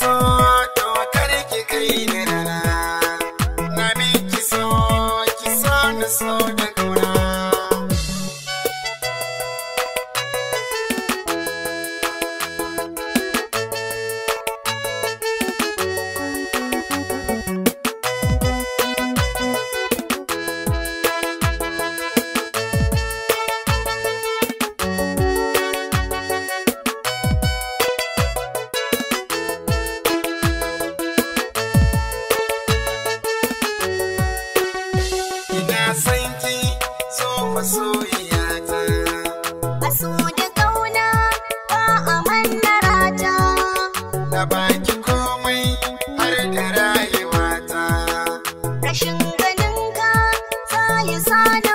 so to kar ki kai ni so ki so na so da da baki komai har da rayuwata. Rashin ganin ka, sa yi sana.